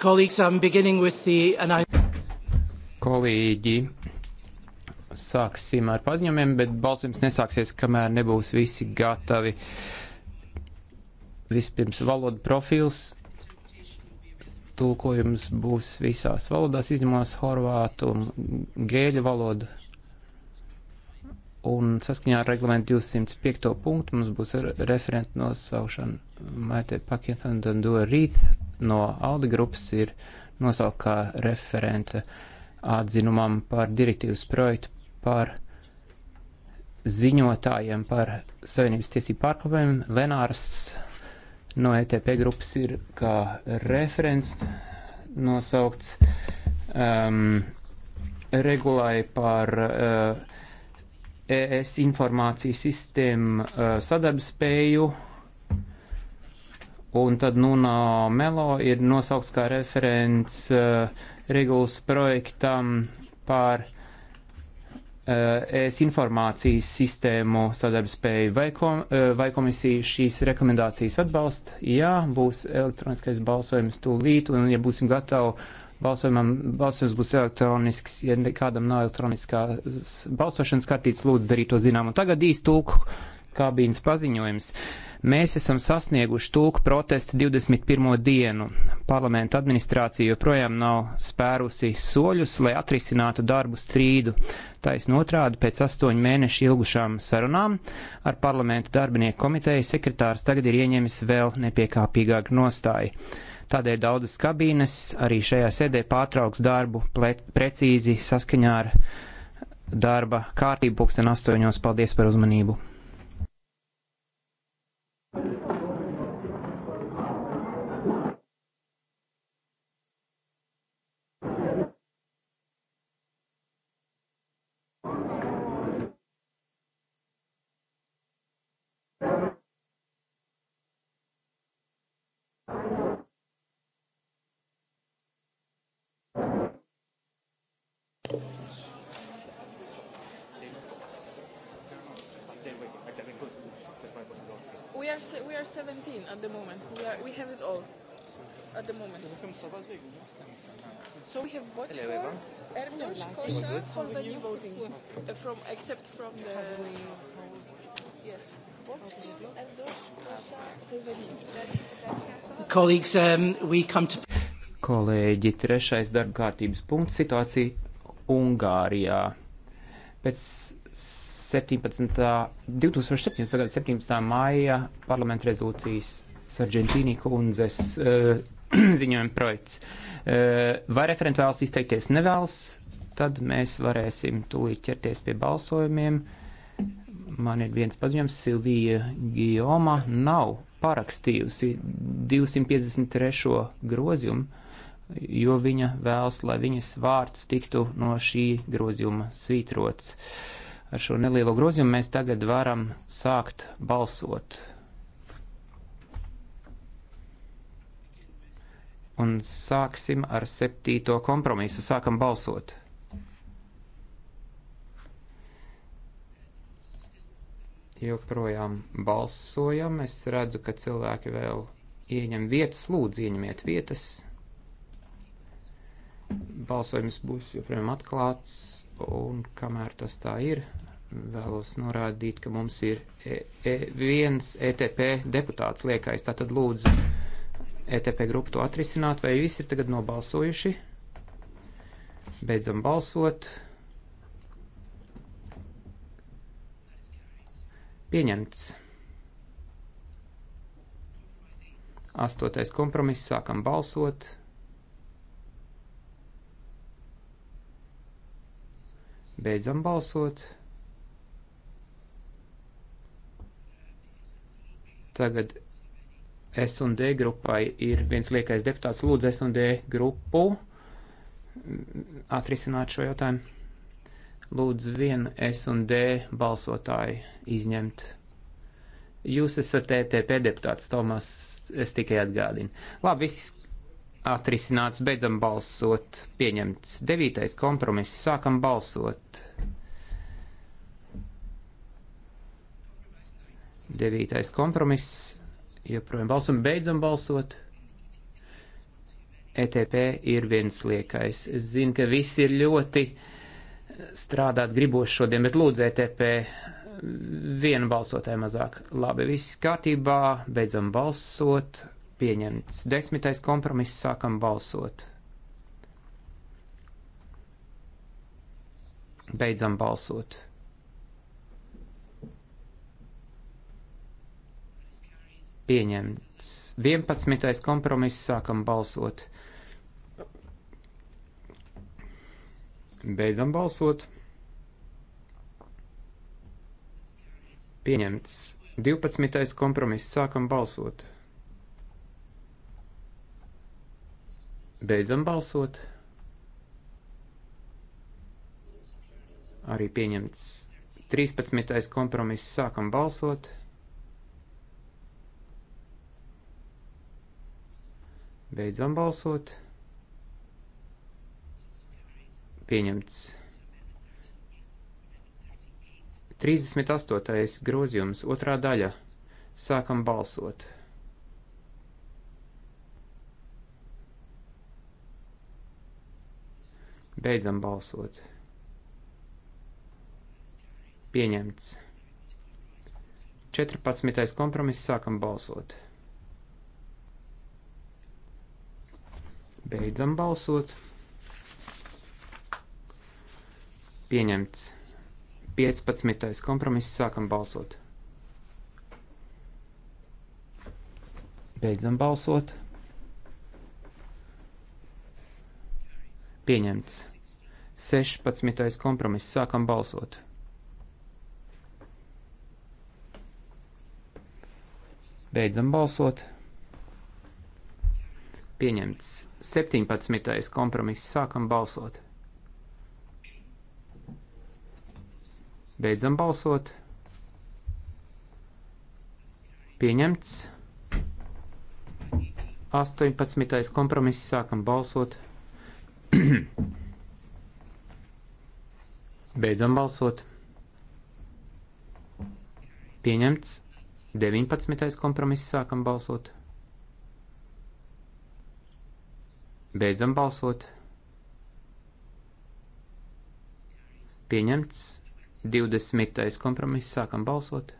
Kolēģi, sāksim ar paziņojumiem, bet balsojums nesāksies, kamēr nebūs visi gatavi. Vispirms valoda profils. Tulkojums būs visās valodās, izņemot horvātu un gēļu valodu un saskaņā ar reglamentu 205. punktu mums būs referenta nosaušana. Maite Paketa un Dandua Rīt no Aldi grupas ir nosaukt kā referenta atzinumam par direktīvas projektu par ziņotājiem par savienības tiesību pārkāpumiem. Lenārs no ETP grupas ir kā referents nosaukts um, regulai par uh, ES informācijas sistēmu sadarbspēju, un tad Nuna Melo ir nosaukts kā referents regulas projektam par ES informācijas sistēmu sadarbspēju. Vai, kom, vai komisija šīs rekomendācijas atbalsta? Jā, būs elektroniskais balsojums tūlīt, un ja būsim gatavi Balsojumam, balsojums būs elektronisks, ja kādam nav elektroniskās balsošanas kartītes, lūdzu darīt to zinām. Un tagad īsti tulku kabīnes paziņojums. Mēs esam sasnieguši tulku protestu 21. dienu. Parlamenta administrācija joprojām nav spērusi soļus, lai atrisinātu darbu strīdu. Taisn otrādi pēc astoņu mēnešu ilgušām sarunām ar parlamenta darbinieku komiteju sekretārs tagad ir ieņēmis vēl nepiekāpīgāku nostāju. Tādēļ daudzas kabīnes arī šajā sēdē pārtrauks darbu precīzi saskaņā ar darba kārtību pulksten astoņos. Paldies par uzmanību! kosher for the new voting, uh, from except from the yes. Colleagues, um, we come to... Kolēģi, trešais darba kārtības punkts - situācija Ungārijā. Pēc 17. 2017. gada 17. māja parlamenta rezolūcijas Sargentīnī kundzes uh, ziņojuma projekts. Uh, vai referenti vēlas izteikties? Nevēlas tad mēs varēsim tūlīt ķerties pie balsojumiem. Man ir viens paziņojums, Silvija Gijoma nav parakstījusi 253. grozījumu, jo viņa vēlas, lai viņas vārds tiktu no šī grozījuma svītrots. Ar šo nelielo grozījumu mēs tagad varam sākt balsot. Un sāksim ar septīto kompromisu. Sākam balsot. joprojām balsojam. Es redzu, ka cilvēki vēl ieņem vietas, lūdzu, ieņemiet vietas. Balsojums būs joprojām atklāts, un kamēr tas tā ir, vēlos norādīt, ka mums ir e e viens ETP deputāts liekais. Tātad lūdzu ETP grupu to atrisināt, vai visi ir tagad nobalsojuši. Beidzam balsot. Pieņemts. Astotais kompromiss. Sākam balsot. Beidzam balsot. Tagad S un D grupai ir viens liekais deputāts. Lūdzu, S un D grupu atrisināt šo jautājumu lūdzu vienu S un D balsotāju izņemt. Jūs esat ETP deputāts, Tomas, es tikai atgādinu. Labi, viss atrisināts, beidzam balsot, pieņemts. Devītais kompromiss, sākam balsot. Devītais kompromiss, joprojām balsam, beidzam balsot. ETP ir viens liekais. Es zinu, ka visi ir ļoti uh, strādāt griboši šodien, bet lūdzu ETP vienu balsotāju mazāk. Labi, viss kārtībā, beidzam balsot, pieņemts desmitais kompromiss, sākam balsot. Beidzam balsot. Pieņemts 11. kompromiss, sākam balsot. Beidzam balsot. Pieņemts 12. kompromiss. Sākam balsot. Beidzam balsot. Arī pieņemts 13. kompromiss. Sākam balsot. Beidzam balsot. Pieņemts. 38. grozījums, otrā daļa. Sākam balsot. Beidzam balsot. Pieņemts. 14. kompromiss sākam balsot. Beidzam balsot. Pieņemts. 15. kompromiss. Sākam balsot. Beidzam balsot. Pieņemts. 16. kompromiss. Sākam balsot. Beidzam balsot. Pieņemts. 17. kompromiss. Sākam balsot. Beidzam balsot. Pieņemts. 18. kompromiss sākam balsot. Beidzam balsot. Pieņemts. 19. kompromiss sākam balsot. Beidzam balsot. Pieņemts. 20. kompromiss sākam balsot.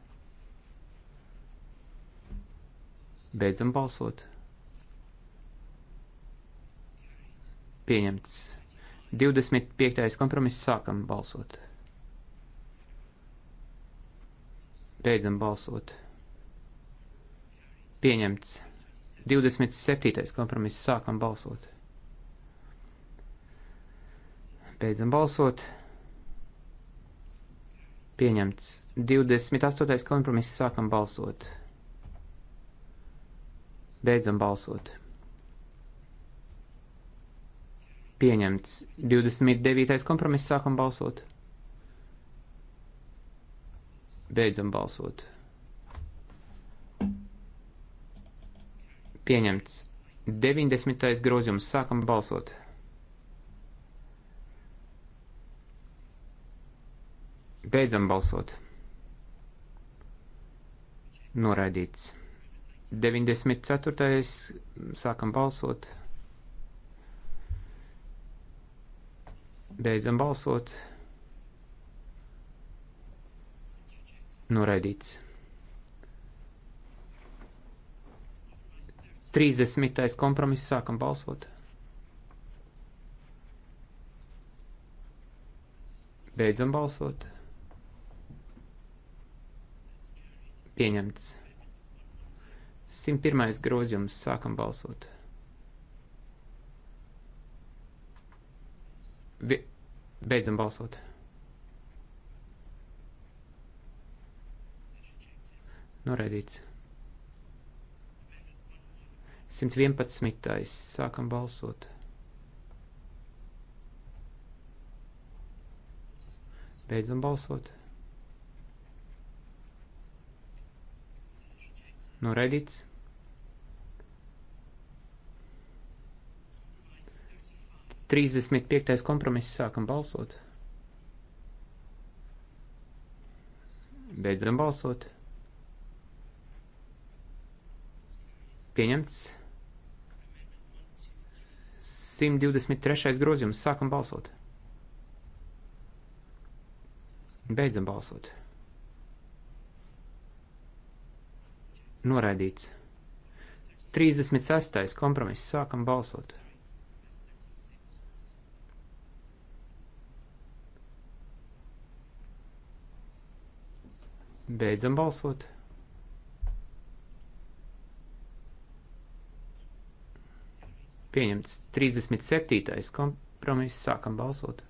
Beidzam balsot. Pieņemts. 25. kompromiss sākam balsot. Beidzam balsot. Pieņemts. 27. kompromiss sākam balsot. Beidzam balsot. Pieņemts. 28. kompromiss sākam balsot. Beidzam balsot. Pieņemts. 29. kompromiss sākam balsot. Beidzam balsot. Pieņemts. 90. grozījums sākam balsot. Beidzam balsot. Noraidīts. 94. sākam balsot. Beidzam balsot. Noraidīts. 30. kompromiss sākam balsot. Beidzam balsot. Pieņemts. 101. grozījums. Sākam balsot. Vi beidzam balsot. Noraidīts. 111. Sākam balsot. Beidzam balsot. Noraidīts. Nu, Trīsdesmit piektais kompromiss sākam balsot. Beidzam balsot. Pieņemts. 123. grozījums. Sākam balsot. Beidzam balsot. Noraidīts. 36. kompromiss. Sākam balsot. Beidzam balsot. Pieņemts 37. kompromiss. Sākam balsot.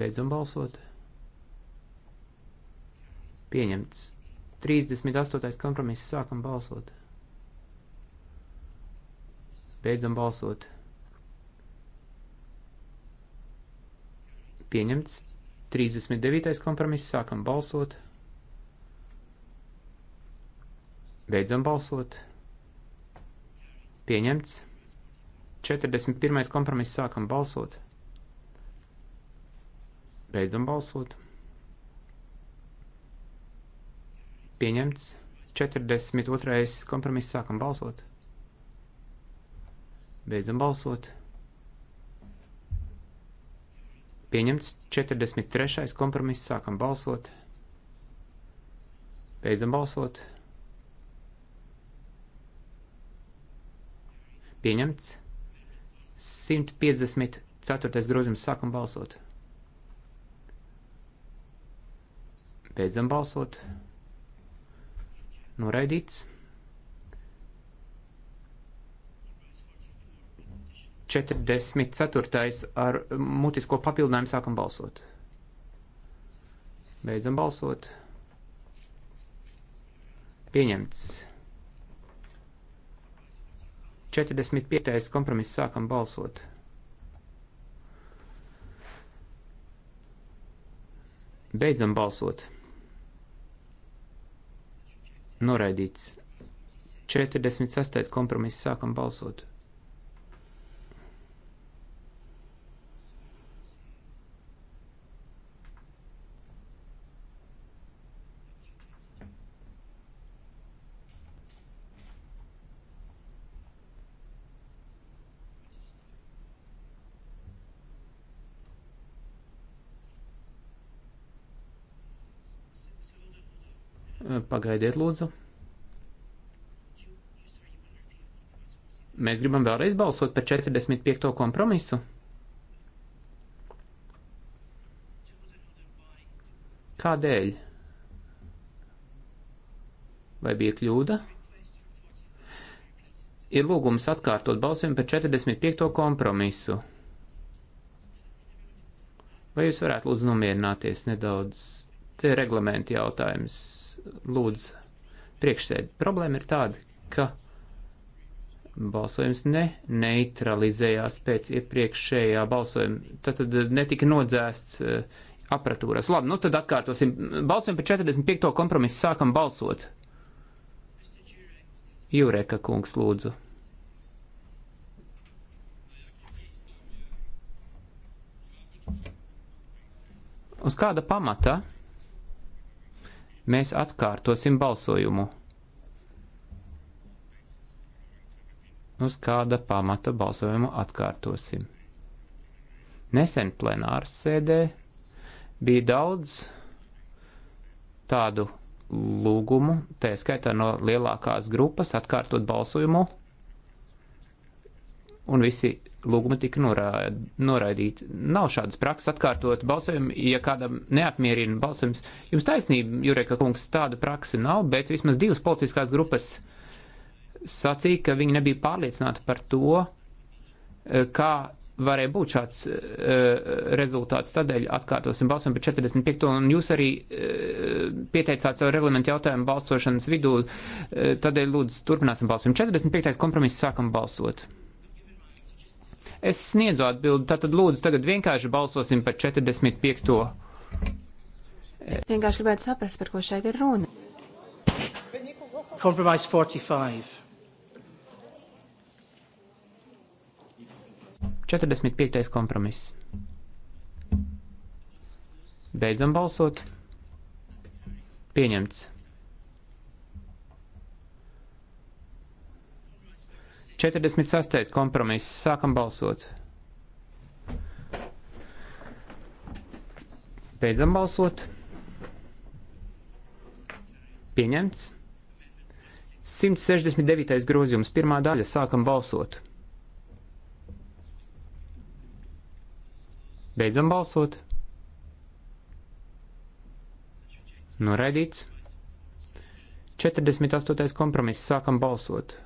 Beidzam balsot. Pieņemts. 38. kompromiss. Sākam balsot. Beidzam balsot. Pieņemts. 39. kompromiss. Sākam balsot. Beidzam balsot. Pieņemts. 41. kompromiss. Sākam balsot. Beidzam balsot. pieņemts. 42. kompromiss sākam balsot. Beidzam balsot. Pieņemts 43. kompromiss sākam balsot. Beidzam balsot. Pieņemts 154. grozījums sākam balsot. Beidzam balsot. Beidzam balsot. Noraidīts. 44. ar mutisko papildinājumu sākam balsot. Beidzam balsot. Pieņemts. 45. kompromiss sākam balsot. Beidzam balsot. Noraidīts. 46. kompromiss sākam balsot. Pagaidiet, lūdzu. Mēs gribam vēlreiz balsot par 45. kompromisu. Kādēļ? Vai bija kļūda? Ir lūgums atkārtot balsojumu par 45. kompromisu. Vai jūs varētu lūdzu nomierināties nedaudz? Te ir reglamenti jautājums lūdz priekšsēdi. Problēma ir tāda, ka balsojums ne neutralizējās pēc iepriekšējā balsojuma. Tad, tad netika nodzēsts eh, apatūras. Labi, nu tad atkārtosim. Balsojam par 45. kompromisu. Sākam balsot. Jureka kungs, lūdzu. Uz kāda pamata? Mēs atkārtosim balsojumu. Uz kāda pamata balsojumu atkārtosim? Nesen plenāras sēdē bija daudz tādu lūgumu, tā skaitā no lielākās grupas, atkārtot balsojumu, un visi lūguma tika norād, noraidīta. Nav šādas prakses atkārtot balsojumu, ja kādam neapmierina balsojums. Jums taisnība, Jureka kungs, tāda praksa nav, bet vismaz divas politiskās grupas sacīja, ka viņi nebija pārliecināti par to, eh, kā varēja būt šāds uh, rezultāts. Tādēļ atkārtosim balsojumu par 45. un jūs arī uh, pieteicāt savu reglamentu jautājumu balsošanas vidū. Uh, tādēļ lūdzu turpināsim balsojumu. 45. kompromiss sākam balsot. Es sniedzu atbildi, tātad lūdzu tagad vienkārši balsosim par 45. Es vienkārši gribētu saprast, par ko šeit ir runa. Compromise 45. 45. kompromiss. Beidzam balsot. Pieņemts. 46. kompromiss. Sākam balsot. Beidzam balsot. Pieņemts. 169. grozījums, pirmā daļa, sākam balsot. Beidzam balsot. Noraidīts. 48. kompromiss, sākam balsot.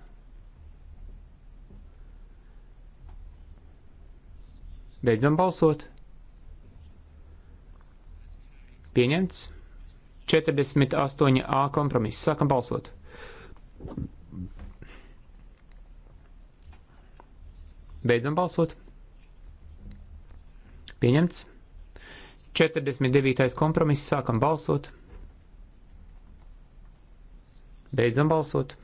Beidzam balsot. Pieņemts. 48a kompromiss. Sākam balsot. Beidzam balsot. Pieņemts. 49. kompromiss. Sākam balsot. Beidzam balsot.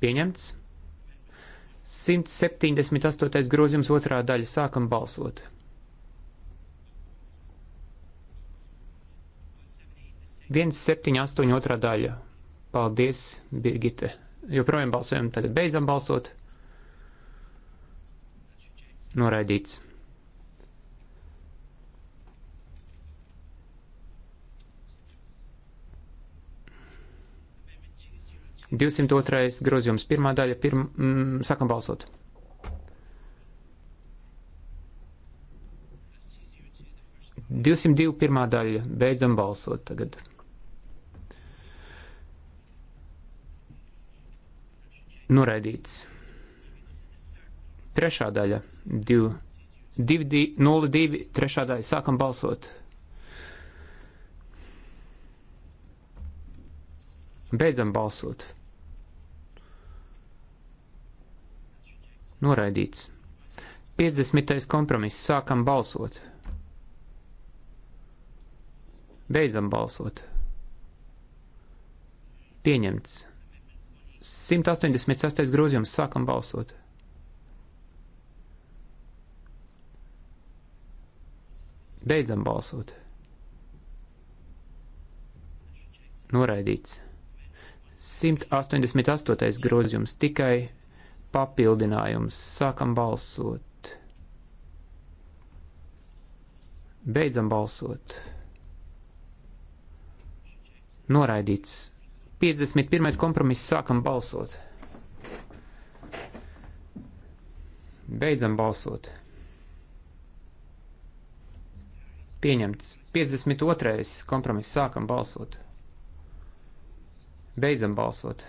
Pieņemts. 178. grozījums otrā daļa. Sākam balsot. Viens, septiņi, astoņi, otrā daļa. Paldies, Birgite. Joprojām balsojam, tagad beidzam balsot. Noraidīts. 202. grozījums, pirmā daļa, pirm, mm, sākam balsot. Divsimt divi pirmā daļa, beidzam balsot tagad. Noraidīts. Trešā daļa, 2, 2, 0, 2, trešā daļa, sākam balsot. Beidzam balsot. Noraidīts. 50. kompromiss. Sākam balsot. Beidzam balsot. Pieņemts. 186. grozījums. Sākam balsot. Beidzam balsot. Noraidīts. 188. grozījums tikai papildinājums. Sākam balsot. Beidzam balsot. Noraidīts. 51. kompromiss sākam balsot. Beidzam balsot. Pieņemts. 52. kompromiss sākam balsot. Beidzam balsot.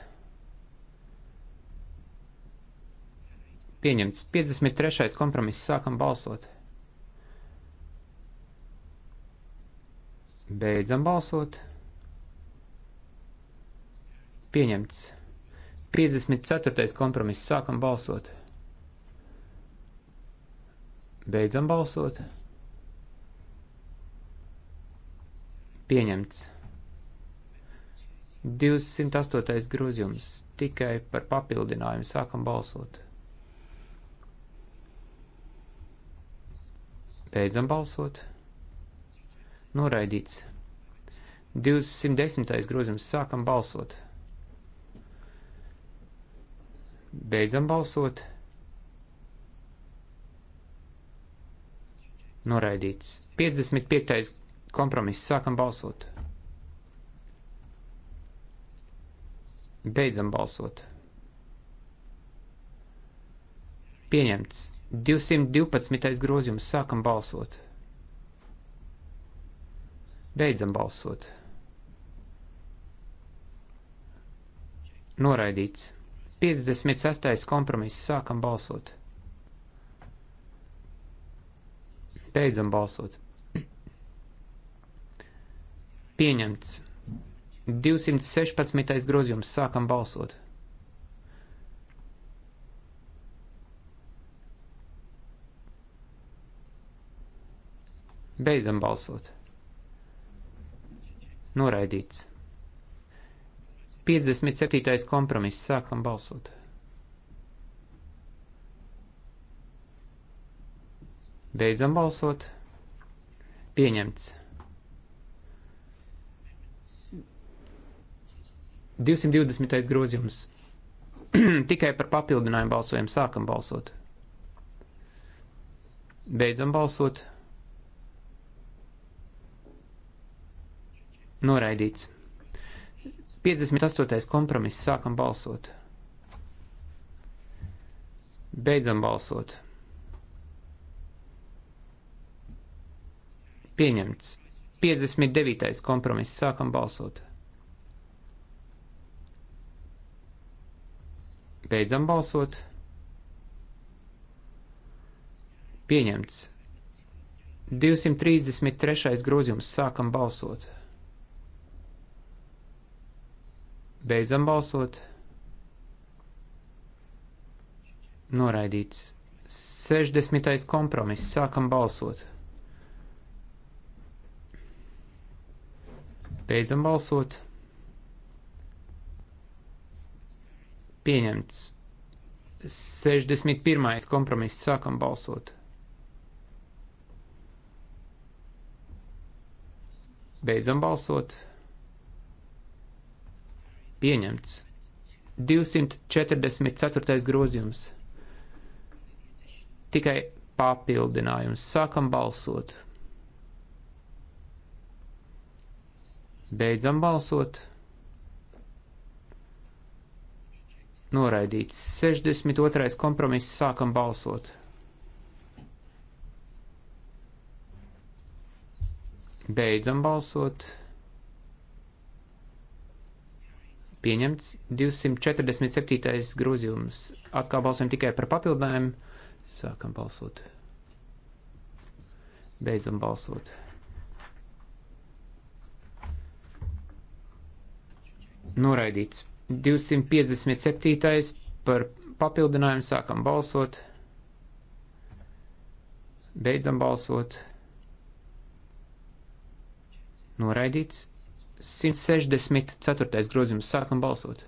Pieņemts. 53. kompromiss. Sākam balsot. Beidzam balsot. Pieņemts. 54. kompromiss. Sākam balsot. Beidzam balsot. Pieņemts. 208. grozījums tikai par papildinājumu sākam balsot. Beidzam balsot. Noraidīts. 210. grozījums. Sākam balsot. Beidzam balsot. Noraidīts. 55. kompromiss. Sākam balsot. Beidzam balsot. Pieņemts. 212. grozījums. Sākam balsot. Beidzam balsot. Noraidīts. 56. kompromiss. Sākam balsot. Beidzam balsot. Pieņemts. 216. grozījums. Sākam balsot. Beidzam balsot. Noraidīts. 57. kompromiss. Sākam balsot. Beidzam balsot. Pieņemts. 220. grozījums. Tikai par papildinājumu balsojam. Sākam balsot. Beidzam balsot. Noraidīts. 58. kompromiss. Sākam balsot. Beidzam balsot. Pieņemts. 59. kompromiss. Sākam balsot. Beidzam balsot. Pieņemts. 233. grozījums. Sākam balsot. Beidzam balsot. Noraidīts. 60. kompromiss. Sākam balsot. Beidzam balsot. Pieņemts. 61. kompromiss. Sākam balsot. Beidzam balsot. Pieņemts. 244. grozījums. Tikai papildinājums. Sākam balsot. Beidzam balsot. Noraidīts. 62. kompromiss. Sākam balsot. Beidzam balsot. Pieņemts 247. grozījums. Atkal balsojam tikai par papildinājumu. Sākam balsot. Beidzam balsot. Noraidīts. 257. par papildinājumu sākam balsot. Beidzam balsot. Noraidīts. 164. grozījums. Sākam balsot.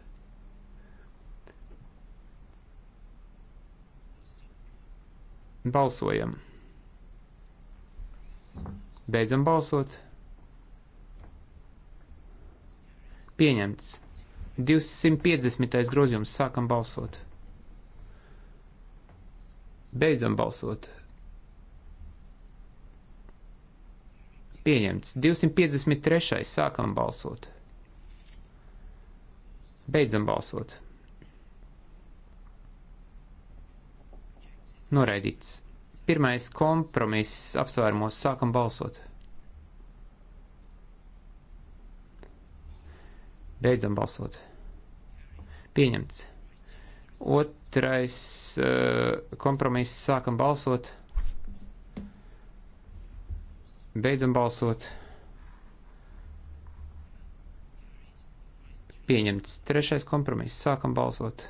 Balsojam. Beidzam balsot. Pieņemts. 250. grozījums. Sākam balsot. Beidzam balsot. Pieņemts. 253. Sākam balsot. Beidzam balsot. Noraidīts. Pirmais kompromiss apsvērumos sākam balsot. Beidzam balsot. Pieņemts. Otrais uh, kompromiss sākam balsot. Beidzam balsot. Pieņemts trešais kompromiss. Sākam balsot.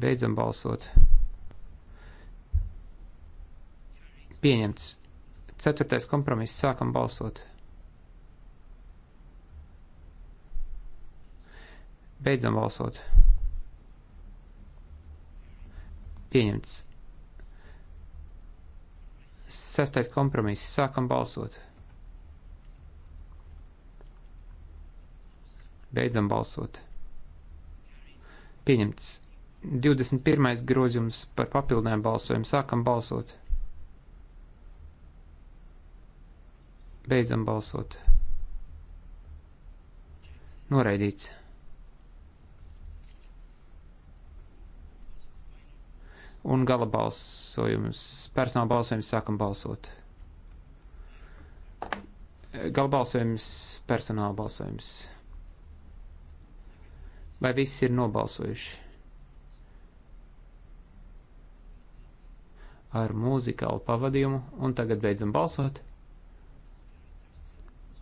Beidzam balsot. Pieņemts ceturtais kompromiss. Sākam balsot. Beidzam balsot. Pieņemts Sestais kompromiss. Sākam balsot. Beidzam balsot. Pieņemts 21. grozījums par papildinājumu balsojumu. Sākam balsot. Beidzam balsot. Noraidīts. un gala balsojums. Personāla balsojums sākam balsot. Gala balsojums, personāla balsojums. Vai viss ir nobalsojuši? Ar mūzikālu pavadījumu, un tagad beidzam balsot.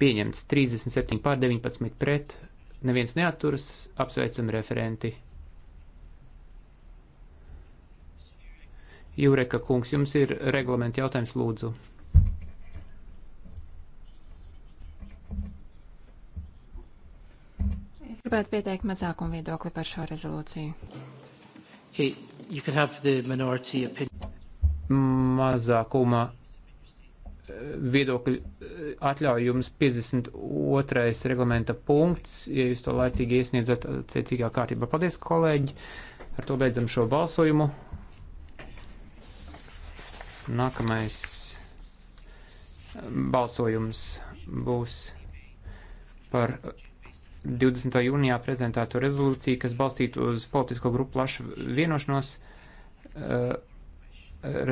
Pieņemts 37 pār 19 pret, neviens neaturas, apsveicam referenti. Jureka kungs, jums ir reglamenta jautājums lūdzu. Es gribētu pieteikt mazākumu viedokli par šo rezolūciju. Okay, Mazākuma eh, viedokļu eh, atļauj jums 52. reglamenta punkts, ja jūs to laicīgi iesniedzat eh, cecīgā kārtībā. Paldies, kolēģi! Ar to beidzam šo balsojumu. Nākamais eh, balsojums būs par 20. jūnijā prezentēto rezolūciju, kas balstītu uz politisko grupu plašu vienošanos. Eh,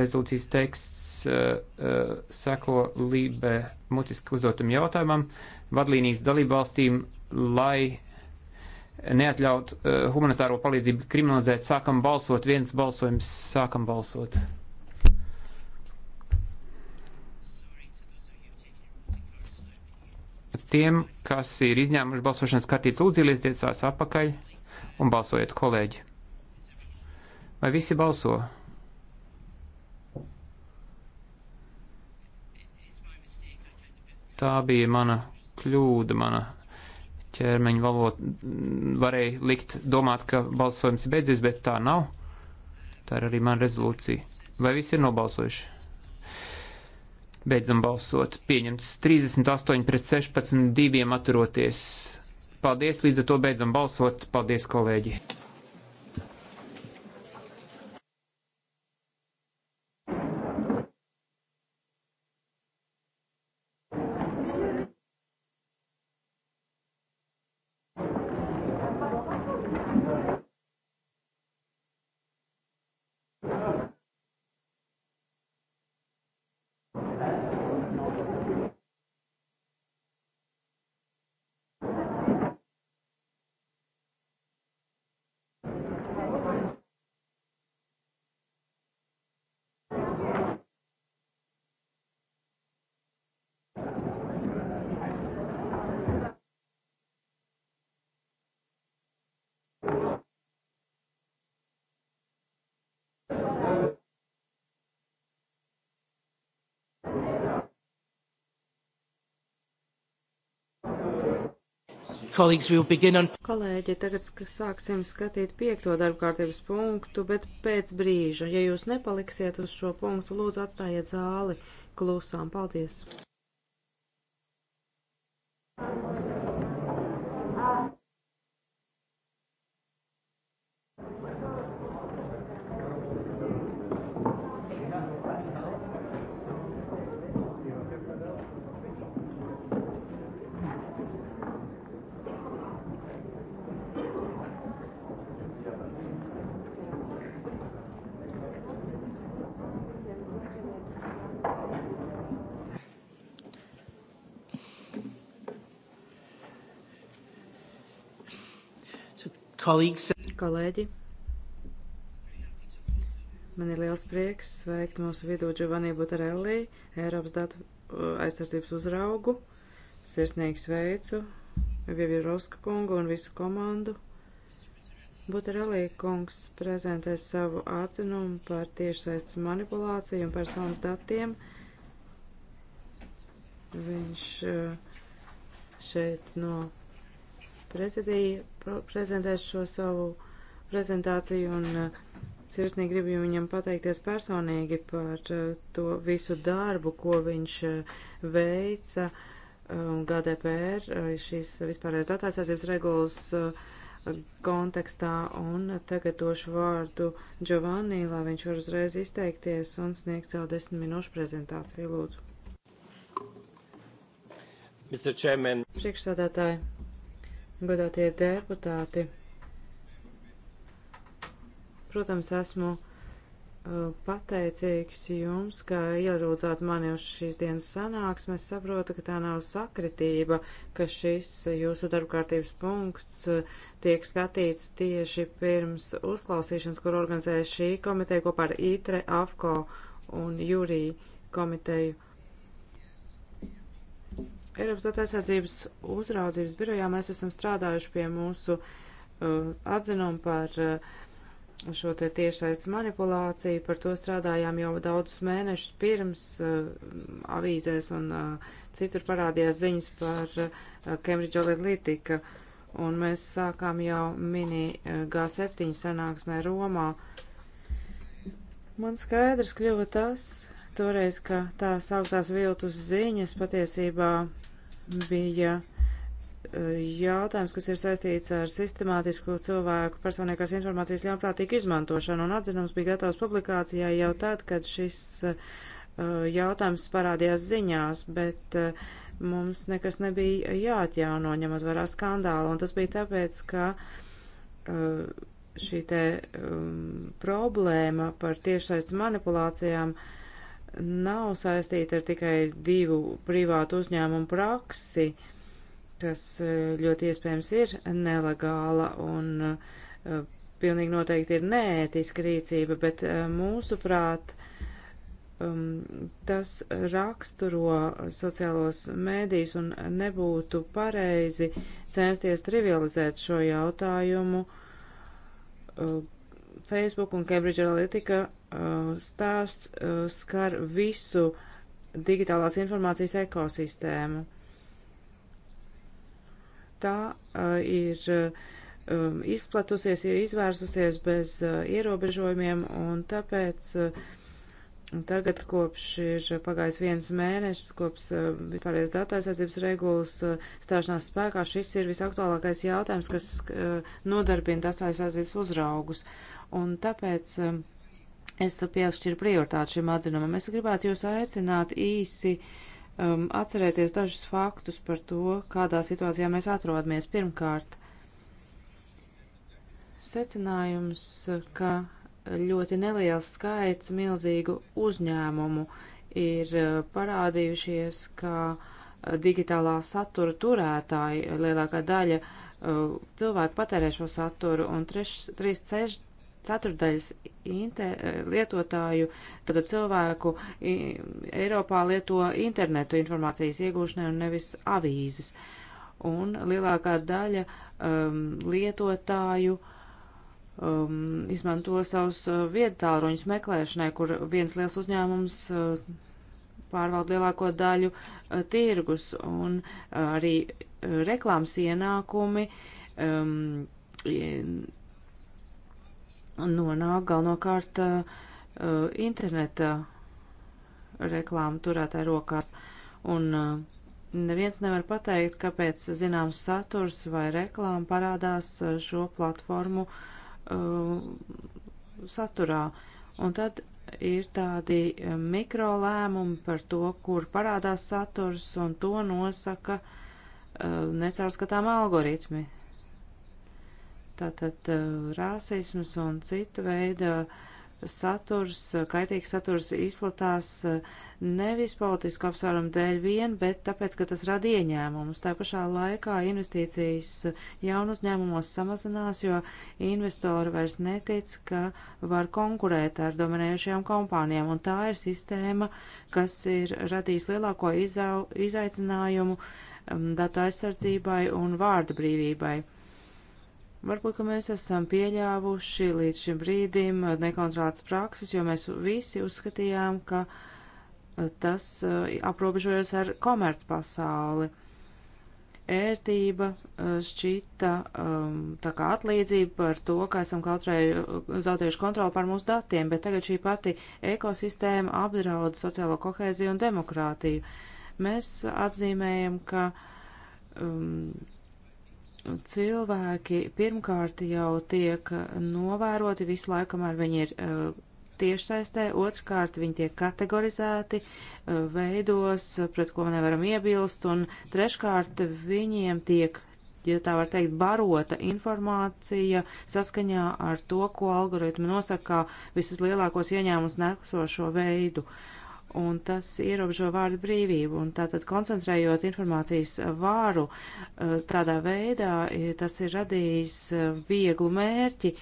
rezolūcijas teksts eh, seko lībe mutiski uzdotam jautājumam vadlīnijas dalību valstīm, lai neatļaut humanitāro palīdzību kriminalizēt. Sākam balsot, viens balsojums, sākam balsot. Tiem, kas ir izņēmuši balsošanas kartītes, lūdzu, ielieciet tās apakaļ un balsojiet, kolēģi. Vai visi balso? Tā bija mana kļūda, mana ķermeņa valoda. Varēja likt domāt, ka balsojums ir beidzies, bet tā nav. Tā ir arī mana rezolūcija. Vai visi ir nobalsojuši? Beidzam balsot. Pieņemts 38 pret 16, diviem atturoties. Paldies, līdz ar to beidzam balsot. Paldies, kolēģi! Kolēģi, tagad sāksim skatīt piekto darbkārtības punktu, bet pēc brīža, ja jūs nepaliksiet uz šo punktu, lūdzu atstājiet zāli klusām. Paldies! Kolīgs. Kolēģi, man ir liels prieks sveikt mūsu vidū Giovanni Butarelli, Eiropas datu uh, aizsardzības uzraugu. Sirsnīgi sveicu Vievi Roska kungu un visu komandu. Butarelli kungs prezentēs savu atzinumu par tiešsaistes manipulāciju un personas datiem. Viņš uh, šeit no prezidija prezentēs šo savu prezentāciju un uh, sirsnīgi gribu viņam pateikties personīgi par uh, to visu darbu, ko viņš uh, veica um, GDPR, šīs vispārējais datāsēdzības regulas kontekstā, un tagad došu vārdu Giovanni, lai viņš var uzreiz izteikties un sniegt savu desmit minūšu prezentāciju, lūdzu. Priekšsādātāji, godātie deputāti. Protams, esmu uh, pateicīgs jums, ka ierūdzāt mani uz šīs dienas sanāksmes. Saprotu, ka tā nav sakritība, ka šis jūsu darbkārtības punkts uh, tiek skatīts tieši pirms uzklausīšanas, kur organizēja šī komiteja kopā ar ITRE, AFKO un Jurī komiteju. Eiropas datu aizsardzības uzraudzības birojā mēs esam strādājuši pie mūsu uh, atzinumu par uh, šo te tiešsaistes manipulāciju, par to strādājām jau daudzus mēnešus pirms uh, avīzēs un uh, citur parādījās ziņas par uh, Cambridge Analytica, un mēs sākām jau mini uh, G7 sanāksmē Romā. Man skaidrs kļuva tas toreiz, ka tās augstās viltus ziņas patiesībā bija eh, jautājums, kas ir saistīts ar sistemātisku cilvēku personīgās informācijas ļaunprātīgu izmantošanu, un atzinums bija gatavs publikācijai jau tad, kad šis eh, jautājums parādījās ziņās, bet eh, mums nekas nebija jāatjauno, ņemot vērā skandālu, un tas bija tāpēc, ka šī te um, problēma par tiešsaistes manipulācijām uh, nav saistīta ar tikai divu privātu uzņēmumu praksi, kas e, ļoti iespējams ir nelegāla un e, pilnīgi noteikti ir neētiska rīcība, bet e, mūsuprāt, um, tas raksturo sociālos mēdījus un nebūtu pareizi censties trivializēt šo jautājumu. Uh, Facebook un Cambridge Analytica Uh, stāsts uh, skar visu digitālās informācijas ekosistēmu. Tā uh, ir um, izplatusies, ir izvērsusies bez ierobežojumiem, un tāpēc tagad, kopš ir pagājis viens mēnešs, kopš vispārējais datu aizsardzības regulas stāšanās spēkā, šis ir visaktuālākais jautājums, kas nodarbina datu aizsardzības uzraugus. Un tāpēc uh, es piešķiru prioritāti šim atzinumam. Es gribētu jūs aicināt īsi um, atcerēties dažus faktus par to, kādā situācijā mēs atrodamies. Pirmkārt, secinājums, ka ļoti neliels skaits milzīgu uzņēmumu ir uh, parādījušies kā uh, digitālā satura turētāji. Lielākā daļa uh, cilvēku patērē šo saturu, un 3, 3, ceturdaļas lietotāju, tad cilvēku Eiropā lieto internetu informācijas iegūšanai un nevis avīzes. Un lielākā daļa um, lietotāju um, izmanto savus uh, viedtālruņus meklēšanai, kur viens liels uzņēmums uh, pārvalda lielāko daļu uh, tirgus un uh, arī uh, reklāmas ienākumi um, nonāk galvenokārt uh, interneta reklāmu turētāju rokās. Un uh, neviens nevar pateikt, kāpēc zināms saturs vai reklāma parādās uh, šo platformu uh, saturā. Un tad ir tādi uh, mikro lēmumi par to, kur parādās saturs, un to nosaka uh, necaurskatām algoritmi. Tātad eh, rāsisms un cita veida saturs, eh, kaitīgs saturs izplatās eh, nevis politisku apsvērumu dēļ vien, bet tāpēc, ka tas rada ieņēmumus. Tā pašā laikā investīcijas jaunu uzņēmumos samazinās, jo investori vairs netic, ka var konkurēt ar dominējušajām kompānijām. Un tā ir sistēma, kas ir radījis lielāko izau, izaicinājumu mm, datu aizsardzībai un vārda brīvībai. Varbūt, ka mēs esam pieļāvuši līdz šim brīdim nekontrolētas prakses, jo mēs visi uzskatījām, ka eh, tas eh, aprobežojas ar komerc pasauli. Ērtība eh, šķita ehm, tā kā atlīdzība par to, ka esam kaut vai zaudējuši kontroli pār mūsu datiem, bet tagad šī pati ekosistēma apdraud sociālo kohēziju un demokrātiju. Mēs atzīmējam, ka um, cilvēki pirmkārt jau tiek novēroti visu laiku, kamēr viņi ir eh, tiešsaistē, otrkārt viņi tiek kategorizēti eh, veidos, pret ko nevaram iebilst, un treškārt viņiem tiek, ja tā var teikt, barota informācija saskaņā ar to, ko algoritmi nosaka kā vislielākos ieņēmumus nesošo veidu. Uh, un tas ierobežo vārdu brīvību. Un tātad koncentrējot informācijas vāru eh, tādā veidā, eh, tas ir radījis eh, vieglu mērķi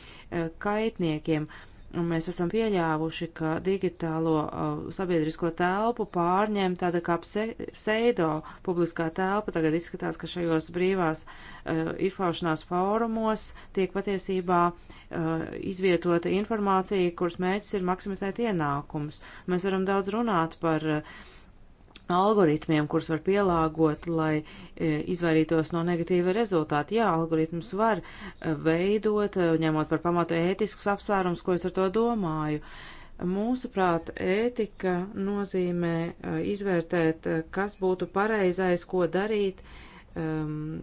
kaitniekiem. Uh, Un mēs esam pieļāvuši, ka digitālo uh, sabiedrisko telpu pārņem tāda kā pseido publiskā telpa. Tagad izskatās, ka šajos brīvās uh, izklaušanās fórumos tiek patiesībā uh, izvietota informācija, kuras mērķis ir maksimizēt ienākumus. Mēs varam daudz runāt par uh, algoritmiem, kurus var pielāgot, lai e, izvairītos no negatīva rezultāta. Jā, algoritmus var e, veidot, e, ņemot par pamatu ētiskus apsvērums, ko es ar to domāju. Mūsuprāt, ētika nozīmē izvērtēt, kas būtu pareizais, ko darīt, um,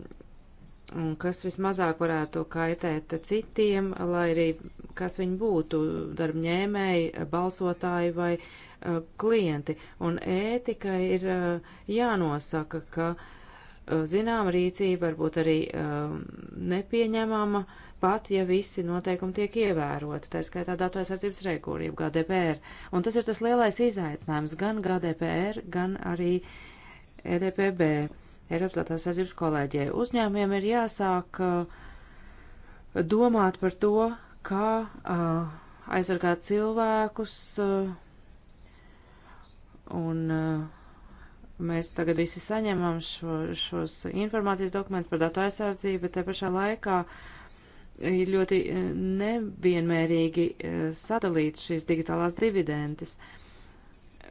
un kas vismazāk varētu kaitēt citiem, lai arī kas viņi būtu, darbņēmēji, balsotāji vai uh, Eh, klienti. Un ētika ir eh, jānosaka, ka eh, zināma rīcība varbūt arī nepieņemama, pat ja visi noteikumi tiek ievēroti, tā skaitā datu aizsardzības regulību GDPR. Un tas ir tas lielais izaicinājums gan GDPR, gan arī EDPB, Eiropas datu aizsardzības kolēģijai. Uzņēmiem ir jāsāk domāt par to, kā aizsargāt cilvēkus, Un uh, mēs tagad visi saņemam šo, šos informācijas dokumentus par datu aizsardzību, bet te pašā laikā ir ļoti uh, nevienmērīgi uh, sadalīt šīs digitālās dividendes.